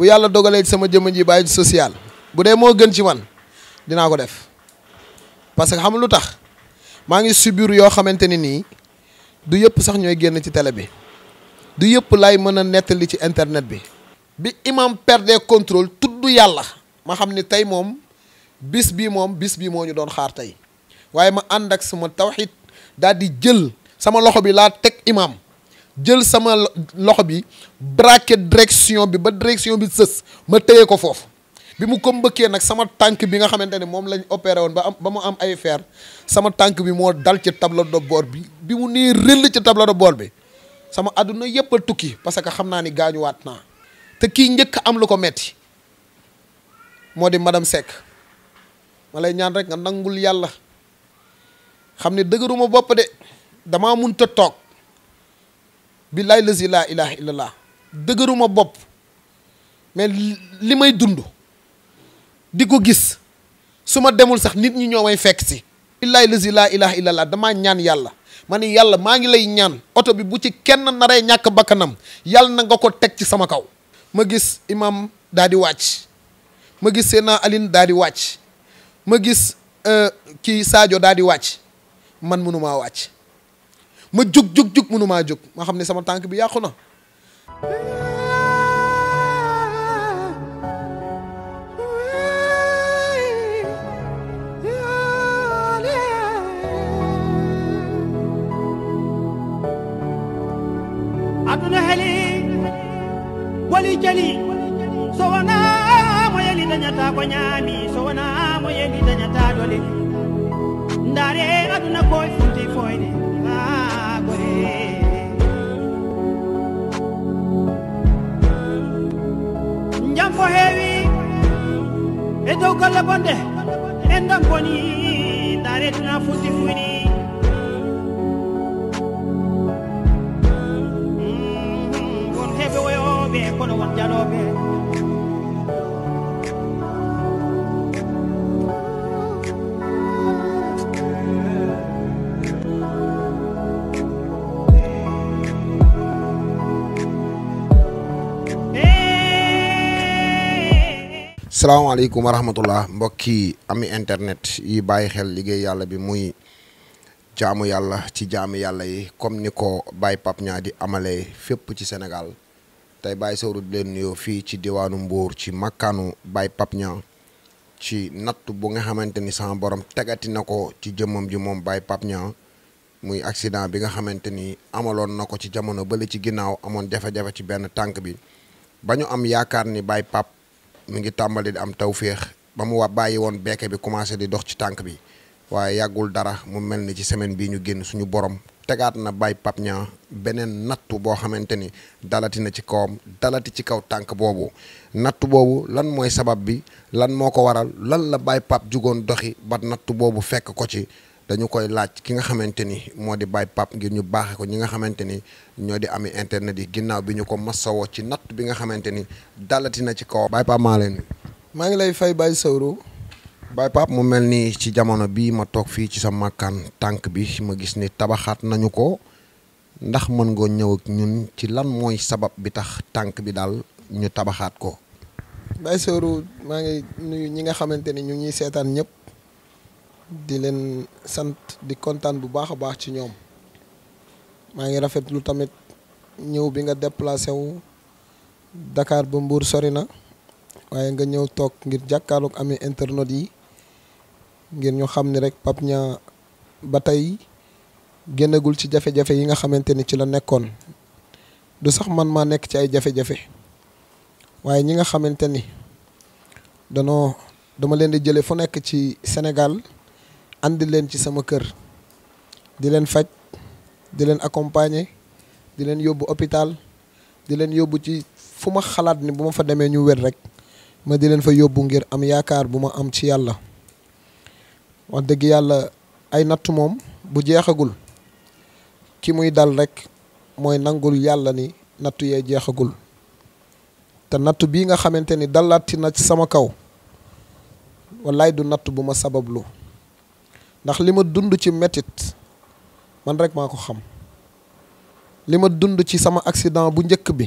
bu yalla dogalé sama jëm ji bay social bu dé mo gën ci man dina ko def parce que xam lu tax ngi subir yo xamanteni ni du yëpp sax ñoy gën ci télé bi du yëpp lay mëna ci internet bi. bi imam perdre contrôle tudd yalla ma xamni tay mom bis bi mom bis bi moo ñu doon xaar tay waye ma ànd ak sama tawhid tek di jël sama loxo bi la tek imam jël sama loxo bi braqué direction bi ba direction bi sës ma téye ko foofu bi mu ko mbëkkee nag sama tank bi nga xamante ne moom lañ opéré woon ba am ba mu am ay fer sama tank bi moo dal ci tableau de bord bi bi mu nee rëll ci tableau de bord bi sama àdduna yëpp a tukki parce que xam naa ni gaañuwaat naa te kii njëkk am lu ko metti moo di madame Seck ma lay ñaan rek nga nangul yàlla xam ne dëgëruma de damaa munta toog billaay lazi laa ilaha illallah dëgëruma bopp mais li may dund di ko gis su ma demul sax nit ñi ñoo may fekk si billaay lazi laa ilaha illallah damaa ñaan yàlla ma ni yàlla maa ngi lay ñaan oto bi bu ci kenn naree ñàkk bakkanam yàlla na nga ko teg ci sama kaw ma gis imam daa di wàcc ma gis Seydina alin daa di wàcc ma gis euh, kii Sadio daa di wàcc man mënumaa wàcc ma juk juk juk majuk, maa ma xamne sama tank bi yakuna na aduna heli wali jali so wona mo yeli dañata ko ñaami so wona mo yeli dañata dole ndaare aduna koye funti jam ko heewi e dow golle bonde en ɗon boni daretuna futti fuyni mm-hmm, won heɓe woyoɓe kono Assalamualaikum warahmatullah. rahmatullah mbokki ami internet yi baye xel liggéey yalla bi muy jaamu yalla ci jaamu yalla yi comme niko Baye pap di amale fépp ci Senegal. tay Baye Sawru di fi nuyoo fii ci diwanu Mbour ci makkaanu Baye pap Niang ci natt bu nga xamanteni sama borom tegati nako ci jëmmam ji mom Baye pap Niang muy accident bi nga xamanteni amalon nako ci jamono beul ci ci ben tank bi bañu am Baye pap mi ngi tàmbali di am tawféex ba mu waa bàyyi woon bekke bi commencé di dox ci tànk bi waaye yàggul dara mu mel ni ci semaine bii ñu génn suñu borom tegaat na Baye Pape Niang beneen nattu boo xamante ni dalati na ci kawam dalati ci kaw tànk boobu nattu boobu lan mooy sabab bi lan moo ko waral lan la Baye Pape jugoon doxi ba nattu boobu fekk ko ci dañu koy laaj ki nga xamante ni moo di Baye Pape ngir ñu baaxe ko ñi nga xamante ñoo di ami internet yi ginnaaw bi ñu ko masawoo ci natt bi nga xamante ni dalati na ci kaw Baye Pape maa leen maa ngi lay fay Baye Sawru Baye mu mel ni ci jamono bi ma toog fii ci sa makkaan tànk bi ma gis ni tabaxaat nañu ko ndax mën nga ñëw ak ñun ci lan mooy sabab bi tax tank bi dal ñu tabaxaat ko Baye Sawru maa ngi nuyu ñi nga xamante ñu ngi seetaan ñëpp di len sant di kontan bu baakha baax ci ñom ma ngi lu tamit ñew bi nga déplacer wu Dakar bumbur Mbour sorina na nga ñew tok ngir jàkkaarloog amee internet yi ngir ñu xamni rek papnya batay gënagul ci jafe jafé yi nga xamanteni ci la nekkon du sax man ma nekk ci ay jafe-jafe waye ñi nga xamanteni ni dama leen di jëlé fu nekk ci Sénégal andi leen ci sama kër di leen faj di leen accompagner di leen yóbbu hôpital di leen yóbbu ci fuma ma ni buma ma fa demee ñu wér rek ma di leen fa yóbbu ngir am yaakaar bu am ci yàlla wax dëgg ay bu ki muy dal rek mooy nangul yalla ni nattu yee jeexagul te natt bii nga xamante ni dalaati na ci sama kaw wallaay du natt buma ma lu ndax lima dund ci metit man rek mako xam lima dund ci sama accident bu njëkk bi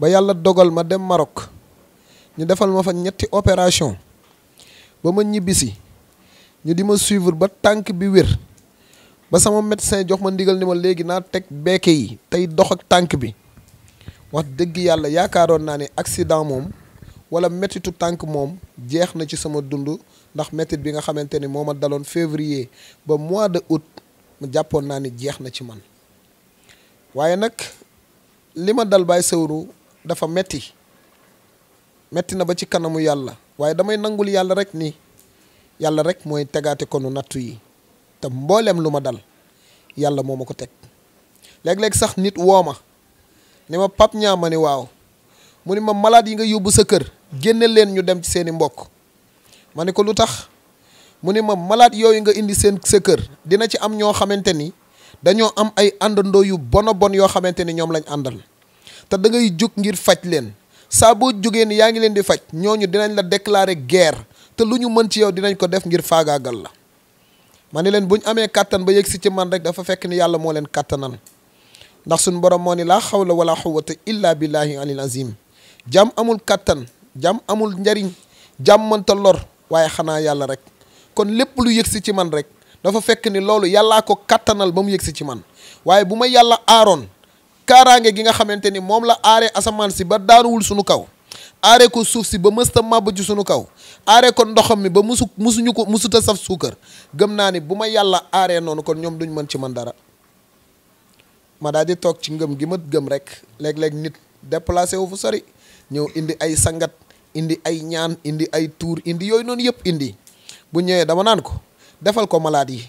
ba yalla dogal ma dem Maroc ñu defal ma fa ñetti opération ba ma ñibisi ñu di ma suivre ba tank bi wër ba sama médecin jox ma ndigal ni ma légui na tek béké yi tay dox ak tank bi wax deug yalla yaakaaroon na ni accident mom, wala metitu tank mom jeex na ci sama dundu ndax metit bi nga xamanteni moma dalon février ba mois de août mu jàppoon na ni jeex na ci man waye nak lima dal bay Sewru dafa metti metti na ba ci kanamu yalla waye damay nangul yalla rek ni yalla rek moy tegaté konu nattu yi te mbollem luma dal yalla momako tek leg leg sax nit woma ma ni ma pap ñaa ni waw mu ma malade yi nga yóbbu sa kër gennel len ñu dem ci seeni mbokk mané ko lutax mune ma malade yoy nga indi sen sa keur dina ci am ño xamanteni daño am ay andon yu bono bon yo xamanteni ñom lañ andal ta da ngay juk ngir fajj sabut sa bo jugee ni yaangi len di fajj ñoñu dinañ la déclarer guerre te luñu mën ci yow dinañ ko def ngir gal la mané len buñ amé katan ba yegg ci man rek dafa fekk ni yalla mo len ndax sun borom mo ni la wala quwwata illa billahi alil azim Jam amul katan, jam amul njariñ jam ta lor waaye xanaa yalla rek kon lépp lu yëgsi ci man rek dafa fekk ni loolu yàllaa ko kattanal ba mu yëgsi ci man waaye bu ma yàlla aaroon kaaraange gi nga xamante ni la aaree asamaan si ba daanuwul sunu kaw aaree ko suuf si ba ci sunu kaw aaree ko ndoxam mi ba musu musuñu ko musuta saf suukar gëm naa ni bu ma yàlla kon nyomdu duñ mën ci man dara ma daal di toog ci ngëm gi ma gëm rek nit déplacé wu fu sori ñëw indi ay sangat indi ay ñaan indi ay tour indi yoy non yep indi bu ñewé dama nan ko defal ko malade yi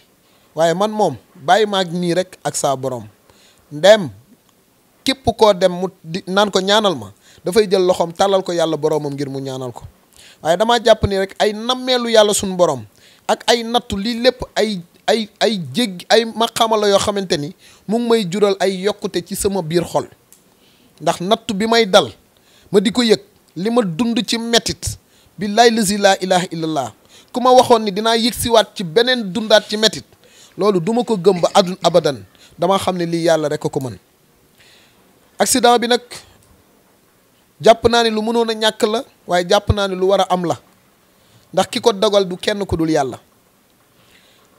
waye man mom bàyyi mag ni rek ak sa borom ndem kep ko dem mu di ko ñaanal ma fay jël loxom talal ko borom boromam ngir mu ñaanal ko waye dama japp ni rek ay namelu yalla sun borom ak ay natu li lepp ay ay ay jéggi ay maqaama la yo xamanteni mu may jural ay yokute ci sama bir xol ndax natu bi may dal ma di ko li ma dund ci metit billahi lazi laa ilaha illallah ku ma waxoon ni dinaa yëgsiwaat ci beneen dundaat ci metit loolu duma ko gëm ba adun abadan dama xam ne lii yàlla rek a ko mën accident bi nag jàpp naa ne lu mënoon a ñàkk la waaye jàpp naa ne lu war a am la ndax ki ko dogal du kenn ku dul yàlla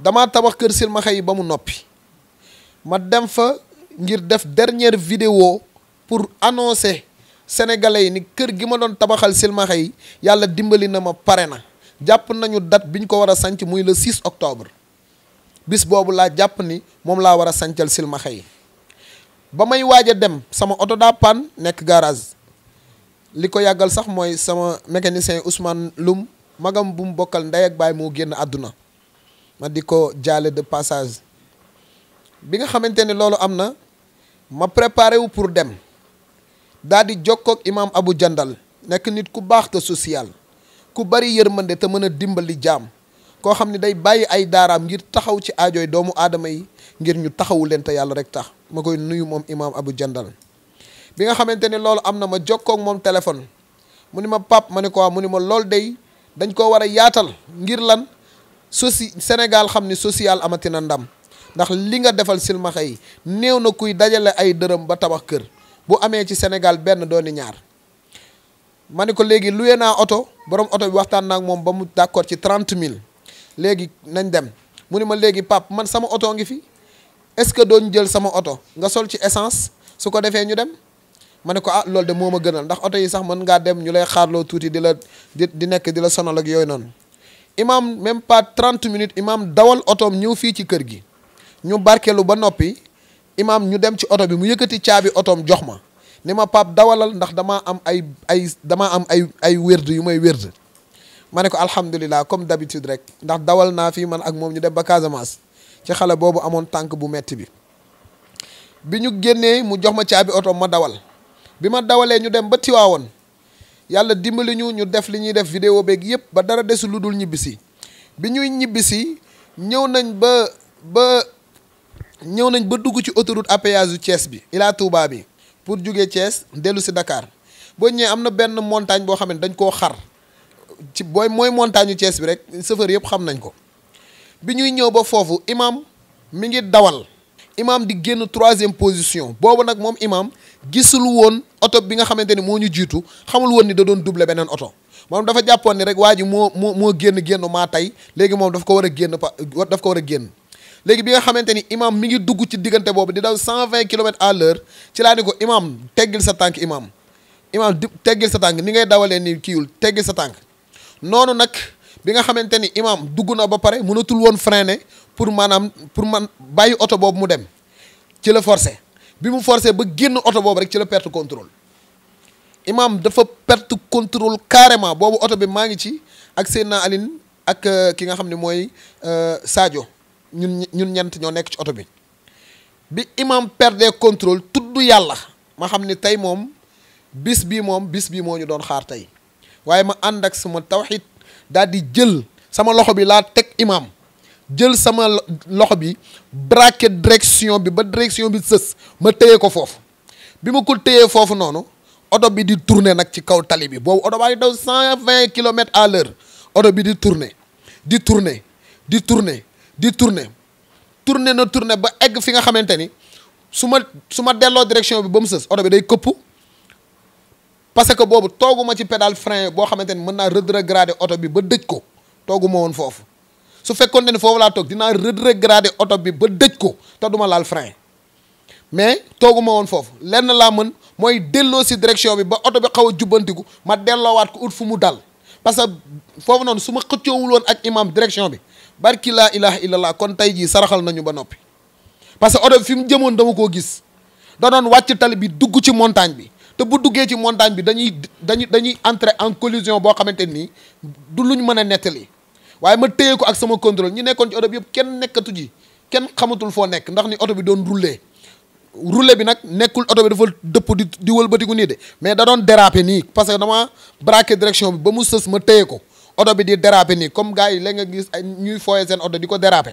dama tabax kër silmaxa yi ba mu noppi ma dem fa ngir def dernière vidéo pour annoncer sénégalais yi ni kër gi ma doon tabaxal silmaxa yi yàlla dimbali na ma pare na jàpp nañu date bi ñu ko war a sanc muy le 6 octobre bis boobu laa jàpp ni moom laa war a sancal silmaxa yi ba may waaj a dem sama oto daa panne nekk garage li ko yàggal sax mooy sama mécanicien Ousmane lum magam bu bokkal ndey ak baay moo génn àdduna ma di ko jaale de passage bi nga xamante ne loolu am na ma préparé wu pour dem daa di jokkook imaam Abu Jandal nekk nit ku baax te social ku bari yërmande te mën a dimbali jaam koo xam ne day bàyyi ay daaraam ngir taxaw ci aajooy doomu aadama yi ngir ñu taxawu leen te yàlla rek tax ma koy nuyu moom imaam Abu Jandal bi nga xamante ne loolu am na ma jokkook moom téléphone mu ni ma pap ma ne ko mu ni ma lool day dañ koo war a yaatal ngir lan soci Sénégal xam ni social amatina ndam ndax li nga defal silmaxa yi néew na kuy dajale ay dërëm ba tabax kër bu ame ci Sénégal benn doni ñaar ma kolegi ko léegi luye naa oto borom auto bi waxtaan naa ak moom ba mu d'accord ci trente mille nañ dem pap man sama auto ngi fi est-ce que dooñ jël sama oto nga sol ci essence su ko defee ñu dem ma ko ah loolu de moo ma gënal ndax oto yi sax mën ngaa dem ñu lay xaarloo tuuti di sonal ak imam même pas trente minutes imam dawal auto ñëw fi ci kër gi ñu barkelu ba imaam ñu dem ci oto bi mu yëkkati caabi otoom jox ma ni ma pap dawalal ndax damaa am ay ay damaa am ay ay wérd yu may wérd ma ne ko alhamdulilah comme d'habitude rek ndax dawal naa fii man ak moom ñu dem ba Casamance ci xale boobu amoon tànk bu metti bi bi ñu génnee mu jox ma caabi oto ma dawal bi ma dawalee ñu dem ba Tiwaawoon yàlla dimbali ñu ñu def li ñuy def vidéo beeg yëpp ba dara desul lu dul ñibbisi bi ñuy ñibbisi ñëw nañ ba ba. ñëw nañ ba dugg ci autoroute à péage yu Thiès bi ilaa Touba bi pour jóge Thiès dellu si Dakar boo ñëwee am na benn montagne boo xam ne dañ ko xar ci booy mooy montagne yu Thiès bi rek chauffeur yëpp xam nañ ko bi ñuy ñëw ba foofu imaam mi ngi dawal imam di génn troisième position boobu nag moom imaam gisul woon oto bi nga xamante ni moo ñu jiitu xamul woon ni da doon double beneen oto moom dafa jàppoon ni rek waa ji moo moo moo génn génn maa tey léegi moom daf ko war a génn pa daf ko war a génn léegi bi nga xamante ni imam mi ngi dugg ci diggante boobu di daw cent vingt kilomètres à l'heure ci laa ni ko imam teggil sa tànk imam imam teggil sa tànk ni ngay dawalee ni kiiwul teggil sa tànk noonu nag bi nga xamante ni imam dugg na ba pare mënatul woon freiner pour maanaam pour man bàyyi oto boobu mu dem ci la forcé bi mu forcé ba génn oto boobu rek ci la perte contrôle imam dafa perte contrôle carrément boobu oto bi maa ngi ci ak Seydina Aline ak euh, ki nga xam ne mooy euh, Sadio ñun ñun ñent ñoo nek ci auto bi bi imam perdre contrôle tudd yalla ma xamni tay mom bis bi mom bis bi mo ñu doon xaar tay waye ma ànd ak sama tawhid daal di jël sama loxo bi la tek imam jël sama loxo bi braqué direction bi ba direction bi sës ma teyé ko fofu bi ma ko teyé fofu noonu auto bi di tourner nak ci kaw tali bi bo auto bay daw 120 km kilomètres à l'heure oto bi di tourner di tourner di tourner di tourner tourner na tourner ba egg fi nga xamanteni suma suma delo direction bi ba mu sës oto bi day këpp parce que boobu tooguma ci pédale frein bo xamanteni meuna mën auto bi ba dëj ko tooguma won fofu su fekkone ni fofu la tok dina redégrader auto bi ba dëj ko ta duma laal frein mais tooguma won fofu lenn la meun moy delo ci direction bi ba auto bi xawa a ma delo wat ko out fu mu dal parce que fofu non suma ma xëccoowul woon ak imam direction bi barki laa ilaha illallah kon tey jii saraxal nañu ba noppi parce que oto fi mu jëmoon dama koo gis da doon wàcc tali bi dugg ci montagne bi te bu duggee ci montagne bi dañuy dañuy dañuy entrer en collision boo xamante nii du luñ mën a nettali waaye ma téye ko ak sama contrôle ñi nekkoon ci oto bi yëpp kenn nekkatu ji kenn xamatul foo nekk ndax ni oto bi doon rouler rouler bi nag nekkul oto bi dafa dëpp di di wëlbatiku nii de mais da doon déraper nii parce que dama braqué direction bi ba mu sës ma téye ko oto bi di déraper ni comme gaay yi nga gis ay ñuy fooyee sen oto di ko déraper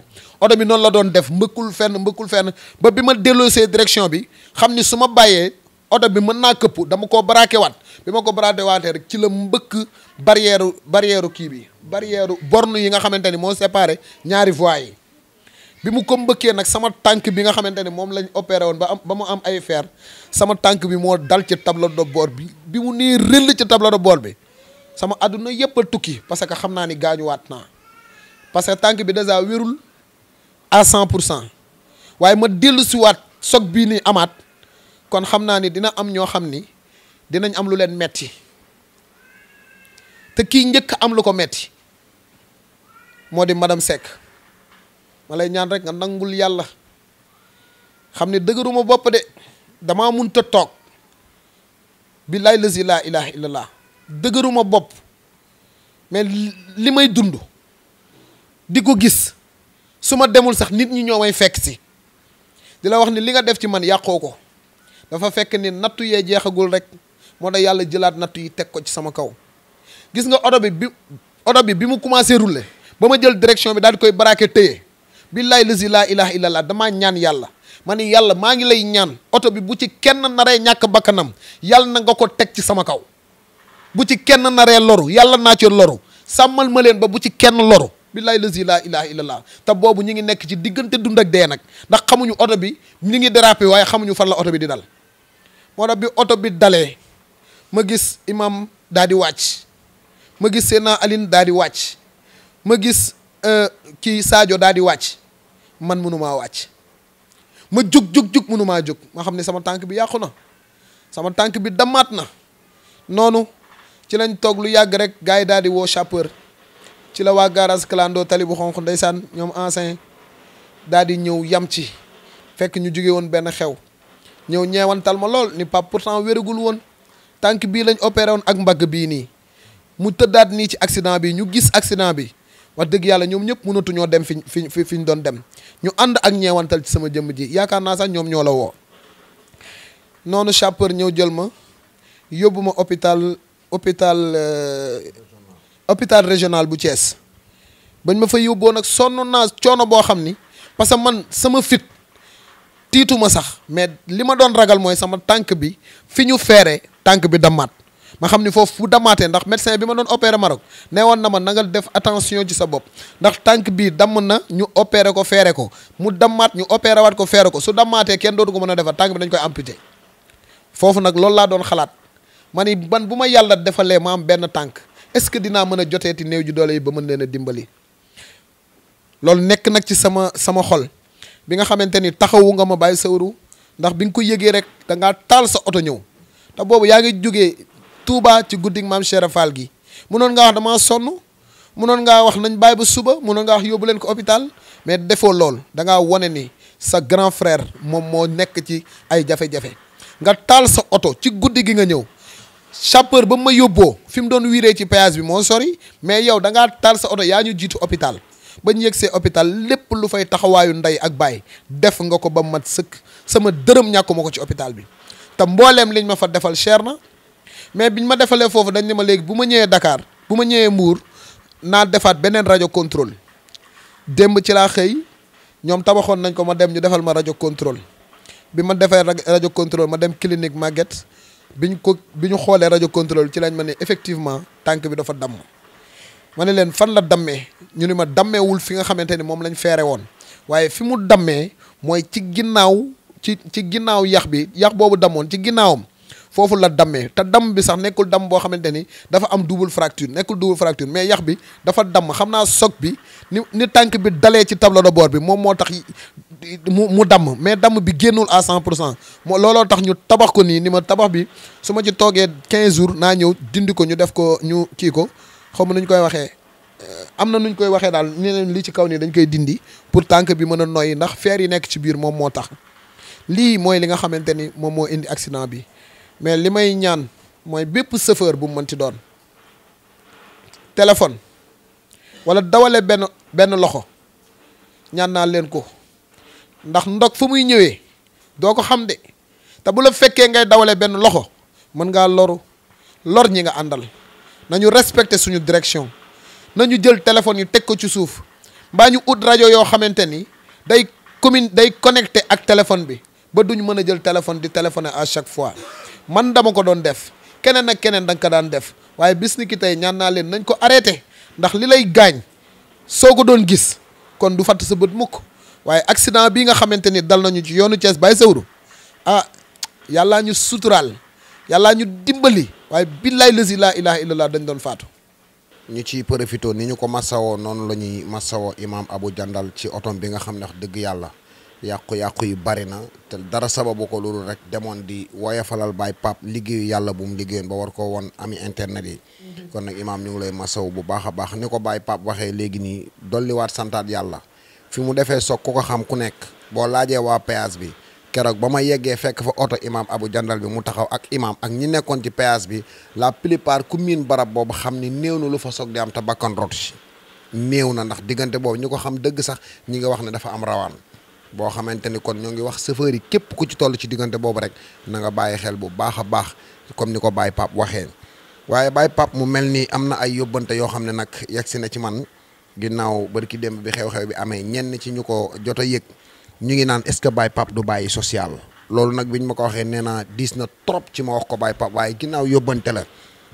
bi non la doon def mukul fenn mukul fenn ba bima ma direction bi xamni suma bayé ma bi mëna kepp dama ko braqué wat bima ko braqué waté rek ci le mbeuk barrière barrière ki bi barrière borne yi nga xamanteni mo séparé ñaari voie yi bimu ko mbeuké nak sama tank bi nga xamanteni mom lañ opéré won ba am ba mu am ay fer sama tank bi mo dal ci tableau de bord bi bimu ni reul ci tableau de bord bi sama àdduna yëpp a tukki parce que xam naa ni gaañuwaat naa parce que tànk bi dèjà wérul à cent pour cent waaye ma dellu siwaat soog bii ni amaat kon xam naa ni dina am ñoo xam ni dinañ am lu leen metti te kii njëkk am lu ko metti moo di madame Seck ma lay ñaan rek nga nangul yàlla xam ne dëgëruma bopp de damaa mun ta toog billaay lazi laa ilaha illallah dëgëruma bopp mais li may dund di ko gis su ma demul sax nit ñi ñoo may fekk si di wax ni li nga def ci man yàqoo ko dafa fekk ni nattu yee jeexagul rek moo tax yàlla jëlaat nattu yi teg ko ci sama kaw gis nga oto bi bi oto bi bi mu commencé rouler ba ma jël direction bi daal di koy baraake téye billaay lazi laa ilaha illallah damaa ñaan yàlla ma ni yàlla maa ngi lay ñaan oto bi bu ci kenn naree ñàkk bakkanam yàlla na nga ko teg ci sama kaw bu ci kenn naree loru yàlla naa ci loru sàmmal ma leen ba bu ci kenn loru billahi lazi laa ilaha illallah te boobu ñu ngi nekk ci diggante dund ak dee nag ndax xamuñu oto bi ñu ngi dérapé waaye xamuñu fan la oto bi di dal moo tax bi oto bi dalee ma gis imam daa di wàcc ma gis Seydina alin daa di wàcc ma gis euh, kii Sadio daa di wàcc man mënumaa wàcc ma jug jug jug mënumaa jóg ma xam ne sama tànk bi yàqu na sama tànk bi damaat na noonu ci lañ toog lu yàgg rek di woo chapeur ci la waa garage clando tali bu xonq ndeysaan ñoom ancien daal di ñëw yam ci fekk ñu jóge woon benn xew ñëw ñeewantal ma lool ni pap pourtant wéragul woon tànk bii lañ opéré woon ak mbagg bii nii mu tëddaat nii ci accident bi ñu gis accident bi wax dëgg yàlla dem fiñ fiñ fi ñu doon dem ñu ànd ak ñeewantal ci sama jëmm ji yaakaar naa sax ñoom ñoo la woo noonu chapeur ñëw jël ma yóbbu hôpital hôpital euh, hôpital régional bu cees bañ ma fa yóbboo nag sonn naa coono boo xam ni parce que man sama fit tiituma sax mais li ma doon ragal mooy sama tànk bi fi ñu feere tànk bi damaat ma xam ni foofu bu damaatee ndax médecin bi ma doon opéré Maroc nee woon na ma na nga def ci sa bopp ndax tànk bii damm na ñu opéré ko feere ko mu damaat ñu opéré waat ko feere ko su damaatee kenn dootu ko mën a defar tànk bi dañ koy amputé foofu nag loolu laa doon xalaat mani ban buma yalla yàlla ma am ben tank est-ce dina dinaa ne a joteeti néew ba dimbali lol nek nak ci sama sama xol bi nga xamanteni taxawu nga ma bay sawru ndax bi ko yëgee rek da nga tal sa auto ñew ta bobu ya nga jógee Touba ci guddi mam Cheikh rafal gi munoon nga wax dama sonu munoon nga wax nañ bay bu suba munon nga wax yobu len ko hôpital mais danga lool da nga wane ni sa grand frère mom mo nek ci ay jafe-jafe nga tal sa auto ci guddi gi nga ñew chauffeur ba mu ma yóbboo fi mu doon wiiree ci péage bi moo sori mais yow da ngaa taal sa oto yaa ñu jiitu hôpital ba ñu yegg see hôpital lépp lu fay taxawaayu ndey ak baay def nga ko ba mat sëkk sama dërëm ñàkkuma ko ci hôpital bi te mbooleem liñ ma fa defal cher na mais bi ñu ma defalee foofu dañ ne ma léegi bu ma ñëwee dakaar bu ma ñëwee Mbour naa defaat beneen rajo contrôle démb ci laa xëy ñoom tabaxoon nañ ko ma dem ñu defal ma rajo contrôle bi ma defee rajo contrôle ma dem clinique Maguette biñ ko bi ñu xoolee rajo contrôle ci lañ ma ne effectivement tànk bi dafa damm ma ne leen fan la dammee ñu ni ma dammeewul fi nga xamante ni moom lañ feere woon waaye fi mu dammee mooy ci ginnaaw ci ci ginnaaw yax bi yax boobu damoon ci ginnaawam foofu la dammee te damm bi sax nekkul damm boo xamante ni dafa am double fracture nekkul double fracture mais yax bi dafa damm xam naa soog bi ni ni tànk bi dalee ci tableau de bord bi moom moo tax mu mu damm mais damm bi génnul à cent pour cent moo looloo tax ñu tabax ko nii ni ma tabax bi su ma ci toogee quinze jours naa ñëw dindi ko ñu def ko ñu kii ko xaw ma nuñ koy waxee euh, am na nuñ koy waxee daal nee lii ci kaw nii dañ koy dindi pour tànk bi mën a noyyi ndax feer yi nekk ci biir moom moo tax lii mooy li nga xamante ni moom moo indi accident bi mais li may ñaan mooy bépp chauffeur bu mu mënti doon téléphone wala dawale benn benn loxo ñaan naa leen ko ndax ndox fu muy ñëwee doo ko xam de te bu la fekkee ngay dawale benn loxo mën ngaa loru lor ñi nga àndal nañu respecter suñu direction nañu jël téléphone yu teg ko ci suuf mbaa ñu ut rajo yoo xamante ni day commune day connecté ak téléphone bi ba duñ mën a jël téléphone di téléphoner à chaque fois man dama ko doon def keneen ak keneen da ko daan def waaye bis ni ki tey ñaan naa leen nañ ko arrêté ndax li lay gaañ soo ko doon gis kon du fatt sa bët mukk waaye accident bi nga xamante ni dal nañu ci yoonu Thiès Baye Sawru ah yàllaa ñu suturaal yàlla ñu dimbali waaye billaay lazi laa ilaha laa dañ doon faatu ñu ci profité ni ñu ko masawoo noonu la ñuy masawoo imaam Abu Jandal ci otom bi nga xam ne wax dëgg yàlla yàqu-yàqu yi bari na te dara sababu ko loolu rek demoon di woyafalal baay pap liggéeyu yàlla bu mu liggéeyoon ba war ko woon ami internet yi mm-hmm. kon nag imaam ñu ngi lay masaw bu baax a baax ni ko baay pap waxee léegi nii dolliwaat santaat yàlla fi mu defee soog ku ko xam ku nekk boo laajee waa péage bi keroog ba ma yeggee fekk fa oto imaam Abu Jandal bi mu taxaw ak imaam ak ñi nekkoon ci péage bi la plupart ku miin barab boobu xam ni néew na lu fa soog di am te bakkan rotu néew na ndax diggante boobu ñu ko xam dëgg sax ñi nga wax ne dafa am rawaan boo xamante ni kon ñoo ngi wax chauffeur yi képp ku ci toll ci diggante boobu rek na nga bàyyi xel bu baax a baax comme ni ko Baye Pape waxee waaye Baye Pape mu mel ni am na ay yóbbante yoo xam ne nag yegg si na ci man ginnaaw barki démb bi xew-xew bi amee ñenn ci ñu ko jot a yëg ñu ngi naan est-ce que Baye Pape du bàyyi social loolu nag biñ ma ko waxee nee naa diis na trop ci ma wax ko Baye Pape waaye ginnaaw yóbbante la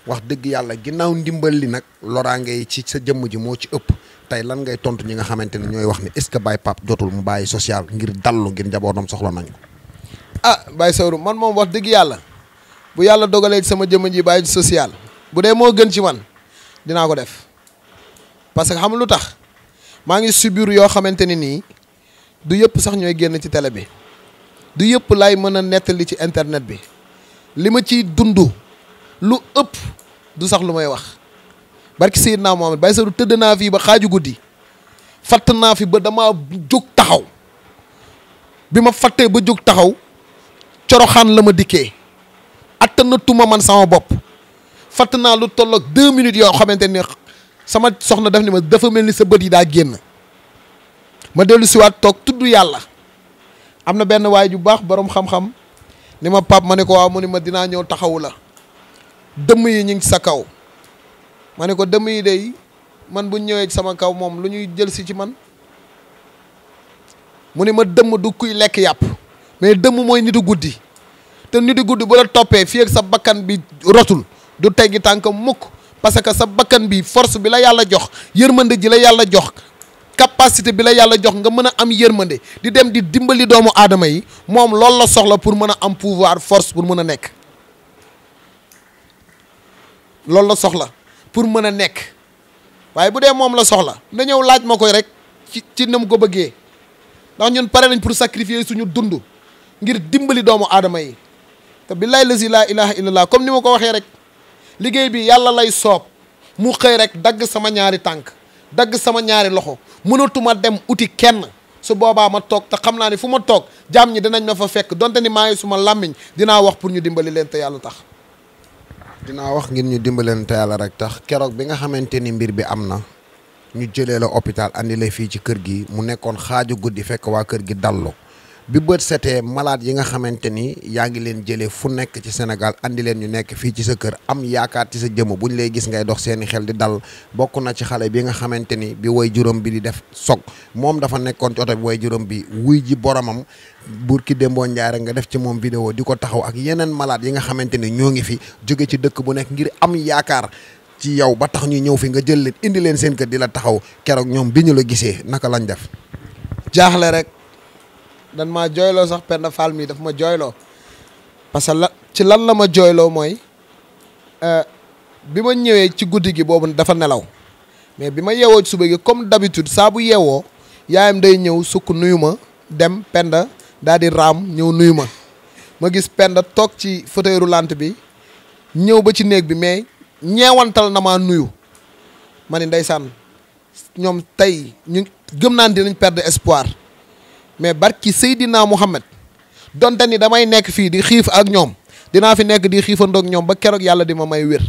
wax dëgg yàlla ginnaaw ndimbal li nag loraange yi ci sa jëmm ji moo ci ëpp tey lan ngay tontu ñi nga xamante ne ñooy wax ne est-ce que Baye Pape jotul mu bàyyi social ngir dallu ngir njabootam soxla nañu ko. ah Baye Sawru man moom wax dëgg yàlla bu yàlla dogalee sama jëmm ji bàyyi social bu dee moo gën ci man dinaa ko def. parce que xam lu tax ngi subir yo xamanteni ni du yep sax ñoy genn ci télé bi du yep lay mëna ci internet bi lima ci dundu lu ëpp du sax lumay wax barki sayyidna mohammed bay sa du na fi ba xaju guddi fatt naa fi ba dama juk taxaw bima ma ba juk taxaw lama diké tuma man sama bop fatna lu tolok 2 minutes yo xamanteni sama soxna daf ni ma dafa melni ni sa bët yi daa génn ma delu ci wat tok tuddu yalla na ben way ju bax borom xam-xam ni ma pap ma ko waaw mu ni ma dina ñew taxaw la dem yi ñing sa kaw ma ko dëmm yi day man bu ñewé sama kaw mom lu ñuy jël ci ci man mu ni ma dem du kuy lek yap mais dem moy nitu guddi te nitu guddi bu la topé fi ak sa bakkan bi rotul du teggi tànk mukk parce que sa bakkan bi force bi la yalla jox yermande ji la yalla jox capacité bi la yalla jox nga meuna am yermande di dem di dimbali doomu adama yi mom lool la soxla pour meuna am pouvoir force pour meuna nek, lool la soxla pour wae nek waye lola, mom la soxla na ñew laaj makoy rek ci ci nam mu ko bëggee ndax ñun paré nañ pour sacrifier suñu dundu ngir dimbali doomu adama yi te billahi la ilaha illallah comme ni ko rek liggéey bi yàlla lay soob mu xëy rek dagg sama ñaari tànk dagg sama ñaari loxo mënatuma dem uti kenn su boobaa ma toog te xam naa ne fu ma toog jaam ñi dinañ ma fa fekk donte ni maa suma làmmiñ dinaa wax pour ñu dimbali leen te yàlla tax. dinaa wax ngir ñu dimbali leen te yàlla rek tax keroog bi nga xamante ni mbir bi am na ñu jëlee la hôpital indi la fii ci kër gi mu nekkoon xaaju guddi fekk waa kër gi dallu bi bët setee malade yi nga xamante ni yaa ngi leen jëlee fu nekk ci Sénégal andi leen ñu nekk fii ci sa kër am yaakaar ci sa jëmm bu ñu lay gis ngay dox seeni xel di dal bokk na ci xale bi nga xamante ni bi way juróom bi di def sog moom dafa nekkoon ci oto juróom bi wuy ji boromam burki démboo njaare nga def ci moom vidéo di ko taxaw ak yeneen malade yi nga xamante ni ñoo ngi fi jóge ci dëkk bu nekk ngir am yaakaar ci yow ba tax ñu ñëw fi nga jël leen indi leen seen kër di la taxaw keroog ñoom bi ñu la gisee naka lañ def jaaxle rek dan maa jooyloo sax Penda Fall mii dafa ma jooyloo parce que la ci lan la ma jooyloo mooy euh, bi ma ñëwee ci guddi gi boobu dafa nelaw mais bi ma yeewoo ci suba gi comme d'habitude saa bu yeewoo yaayam day ñëw sukk nuyu ma dem Penda daal di raam ñëw nuyu ma ma gis Penda toog ci fauteuil roulant bi ñëw ba ci néeg bi mais ñeewantal na maa nuyu ma ni ndeysaan ñoom tey ñu gëm naan dinañ perdre espoir mais barki Seydina Muhammad donte ni damay nekk fii di xiif ak ñoom dinaa fi nekk di xiifandoog ñoom ba keroog yàlla di ma may wér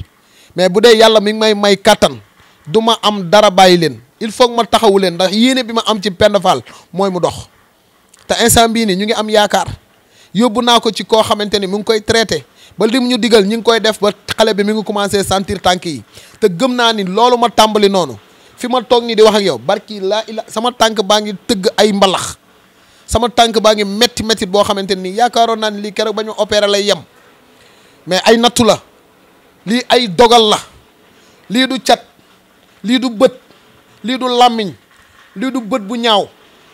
mais bu dee yàlla mi ngi may may kattan du ma am dara bàyyi leen il faut ma taxawu leen ndax yéene bi ma am ci Penda mooy mu dox te instant bii nii ñu ngi am yaakaar yóbbu naa ko ci koo xamante ni mu ngi koy traité ba lim ñu digal ñu ngi koy def ba xale bi mi ngi commencé sentir tànk yi te gëm naa ni loolu ma tàmbali noonu fi ma toog nii di wax ak yow barki laa ila sama tànk baa ngi tëgg ay mbalax sama tànk baa ngi métti métti boo xamante ni yaakaaroon naa ni lii keroog ba ñu opéré lay yem mais ay nattu la lii ay dogal la lii du cat lii du bët lii du làmmiñ lii du bët bu ñaaw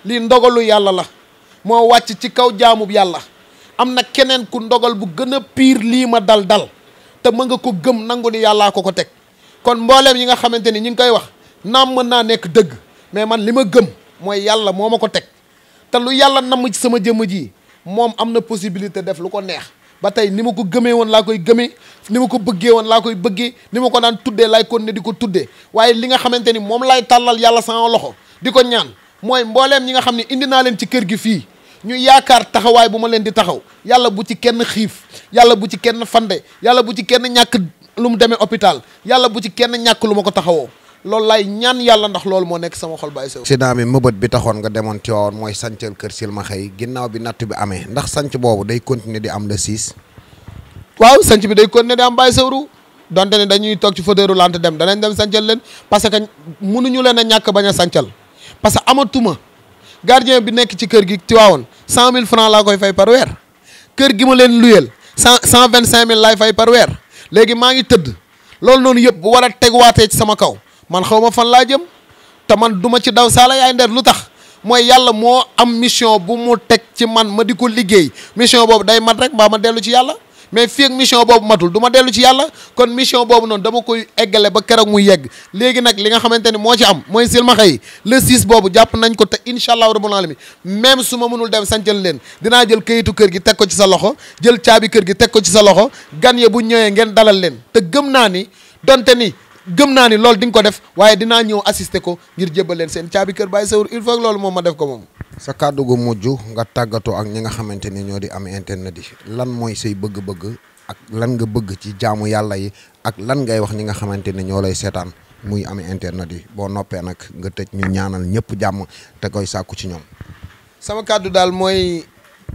lii ndogalu yàlla la moo wàcc ci kaw jaamub yàlla am na keneen ku ndogal bu gën a piir lii ma dal dal te mën nga ko gëm nangu ni yàllaa ko ko teg kon mbooleem yi nga xamante ni ñu ngi koy wax naam mën naa nekk dëgg mais man li ma gëm mooy yàlla moo ma ko teg té lu yalla namm ci sama jëm ji mom amna possibilité def lu ko neex ba tay nima ko gëmé won la koy gëmé nima ko bëggé won la koy bëggé nima ko daan tuddé lay kon ne di tuddé waye li nga xamanteni mom lay talal yalla yàlla sama loxo di ñaan moy mbolém ñi nga xamni indi na leen ci kër gi fi ñu yaakar taxaway buma leen di taxaw yalla bu ci kenn xif yalla bu ci kenn fande yalla bu ci kenn ñak lu mu démé hôpital yalla bu ci kenn ñak lu mako taxawoo lol lay ñaan yalla ndax lol mo nek sama xol bàyyi sew ci dami mebeut bi taxone nga demone ci Tiwaawan moy sancal keur silma xey ginnaw bi natt bi amé ndax sanc bobu day continuer di am le 6 waaw sanc bi day continuer di am bàyyi sewru donte ne dañuy tok ci fauteuil roulant dem danañ dem sancal len parce que munu ñu leena ñak baña a parce que amatuuma gardien bi nek ci keur gi ci wawon 100000 francs la koy fay par weer keur gi ma len luyel 125000 lay fay par weer léegi ma ngi teud lol non yeb bu war a teguwaatee ci sama kaw man xaw ma fan laa jëm te man du ci daw saala yaay ndeer lu tax mooy yàlla moo am mission bu mu teg ci man ma di ko liggéey mission boobu day mat rek mbaa ma dellu ci yàlla mais fii mission boobu matul duma dellu ci yàlla kon mission boobu noonu dama koy eggale ba keroog mu yegg léegi nag li nga xamante ni moo ci am mooy silmaxa yi le 6 boobu jàpp nañ ko te incha allahu rabbul alamin même su ma mënul dem sancal leen dinaa jël kayitu kër gi teg ko ci sa loxo jël caabi kër gi teg ko ci sa loxo gan bu ñëwee ngeen dalal leen te gëm naa ni donte gëm na ni lool di ko def waye dina ñew assister ko ngir jébbal leen seen ciabi kër Baye sawur il faut lool moom ma def ko mom sa kàddu gu muju nga tagato ak ñinga xamanteni di am internet di lan moy sey bëgg-bëgg ak lan nga bëgg ci jaamu yalla yi ak lan ngay wax ñinga xamanteni ni ñoo lay seetaan muy am internet di bo noppé nak nga tëj ñu ñaanal ñepp jàmm te koy sàkku ci ñom sama kàddu dal moy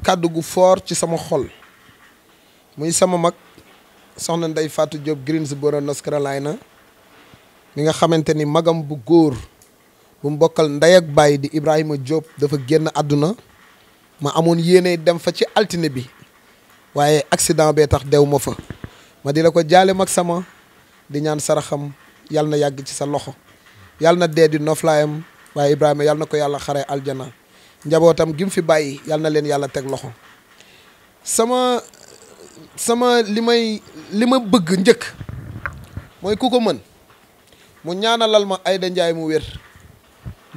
kàddu gu fort ci sama xol muy sama mak soxna nday Fatou Diop Greensboro North Carolina mi nga xamante ni magam bu góor bu mbokkal bokkal ndey ak baay di Ibrahima jóob dafa génn àdduna ma amoon yéene dem fa ci altine bi waaye accident bee tax dew ma fa ma di la ko jaale mag sama di ñaan saraxam yal na yàgg ci sa loxo yàlla na dee di noflaayam waaye Ibrahima yàlla na ko yàlla xare aljana njabootam gim fi bàyyi yàlla na leen yàlla teg loxo sama sama li may li ma bëgg njëkk mooy ku ko mën mu ñaanalal ma Ayda Njaay mu wér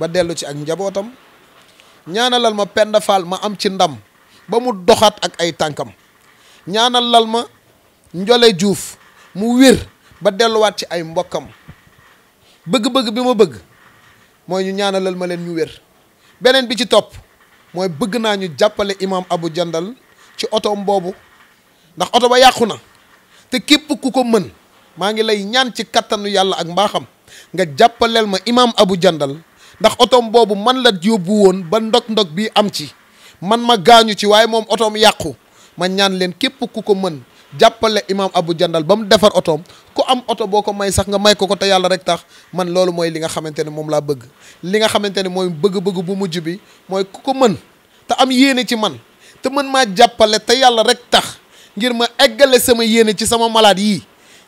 ba dellu ci ak njabootam ñaanalal ma Penda ma am ci ndam ba mu doxaat ak ay tànkam ñaanalal ma Njole Juuf mu wér ba delluwaat ci ay mbokkam bëgg-bëgg bi ma bëgg mooy ñu ñaanalal ma leen ñu wér beneen bi ci topp mooy bëgg naa ñu jàppale imam Abu Jandal ci otoom boobu ndax oto ba yàqu na te képp ku ko mën maa ngi lay ñaan ci kattanu yàlla ak mbaaxam nga jàppaleel ma imaam Abu Jandal ndax otoom boobu man la yóbbu woon ba ndog-ndog bii am ci man ma gaañu ci waaye moom otoom yàqu ma ñaan leen képp ku ko mën jàppale imaam Abu Jandal ba mu defar otoom ku am oto boo ko may sax nga may ko ko te yàlla rek tax man loolu mooy li nga xamante ni moom laa bëgg li nga xamante ni mooy bëgg-bëgg bu mujj bi mooy ku ko mën te am yéene ci man te mën maa jàppale te yàlla rek tax ngir ma eggale sama yéene ci sama malade yii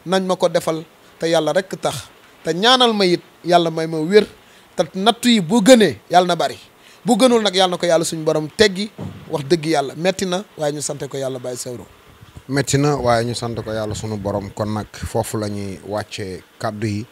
nañ ma ko defal te yàlla rek tax te ñaanal ma it yàlla may ma wér te nattu yi bu gënee yàlla na bari bu gënul nag yàlla ko yàlla suñu borom teggi wax dëgg yàlla metti na waaye ñu sante ko yàlla bàyyi sawro metti na waaye ñu sant ko yàlla suñu borom kon nag foofu la ñuy wàccee kàddu yi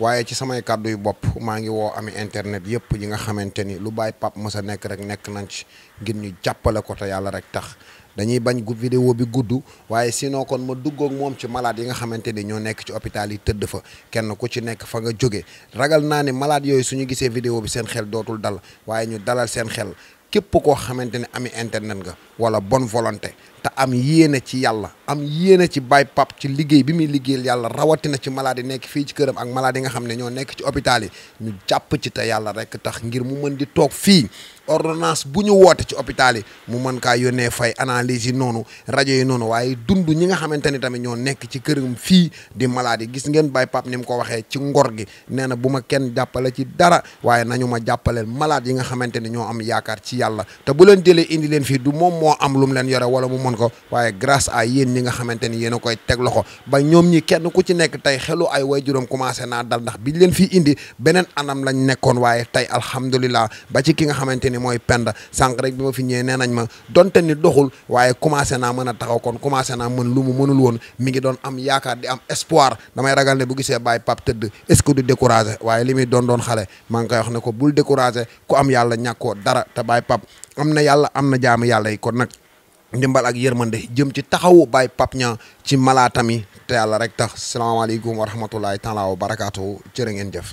waaye ci samay kàddu yu bopp maa ngi woo ami internet yëpp yi nga xamante ni lu bàyyi pap mës a nekk rek nekk nañ ci ngir ñu jàppale ko te yàlla rek tax dañuy bañ gu vidéo bi gudd waaye sinon kon ma duggook moom ci malaat yi nga xamante ni ñoo nekk ci hôpital yi tëdd fa kenn ku ci nekk fa nga jóge ragal naa ni malaat yooyu su ñu gisee vidéo bi seen xel dootul dal waaye ñu dalal seen xel képp koo xamante ne ami internet nga wala bon volonté te am yéene ci yàlla am yéene ci Baye Pape ci liggéey bi muy liggéeyal yàlla rawatina ci malade nekk fii ci këram ak malade yi nga xam ne ñoo nekk ci hôpital yi ñu jàpp ci te yàlla rek tax ngir mu mën di toog fii ordonnance bu ñu woote ci hôpital yi mu mën kaa yónnee fay analyse yi noonu rajo yi noonu waaye dund ñi nga xamante ni tamit ñoo nekk ci këram fii di malade yi gis ngeen Baye pap ni mu ko waxee ci ngor gi nee na bu ma kenn jàppale ci dara waaye nañu ma jàppaleel malade yi nga xamante ni ñoo am yaakaar ci yàlla te bu leen jëlee indi leen fii du moom moo am lu leen yore wala mu man ko waaye grâce à yéen ñi nga xamante ni yéen a koy teg loxo ba ñoom ñi kenn ku ci nekk tey xelu ay waajuram commencé naa dal ndax biñ leen fii indi beneen anam lañ nekkoon waaye tey alhamdulilah ba ci ki nga xamante ni mooy penda sànq rek bi ma fi ñëwee nañ ma donte ni doxul waaye commencé naa mën a taxaw kon commencé naa mën lu mu mënul woon mi ngi doon am yaakaar di am espoir damay ragal ne bu gisee bàyyi pap tëdd est-ce que du découragé waaye li muy na yàlla ndimbal ak yërmande jëm ci taxawu Baye Pape ña ci malaatam te yàlla rek tax salaamaaleykum wa rahmatulahi taala wa barakaatu jërë ngeen jëf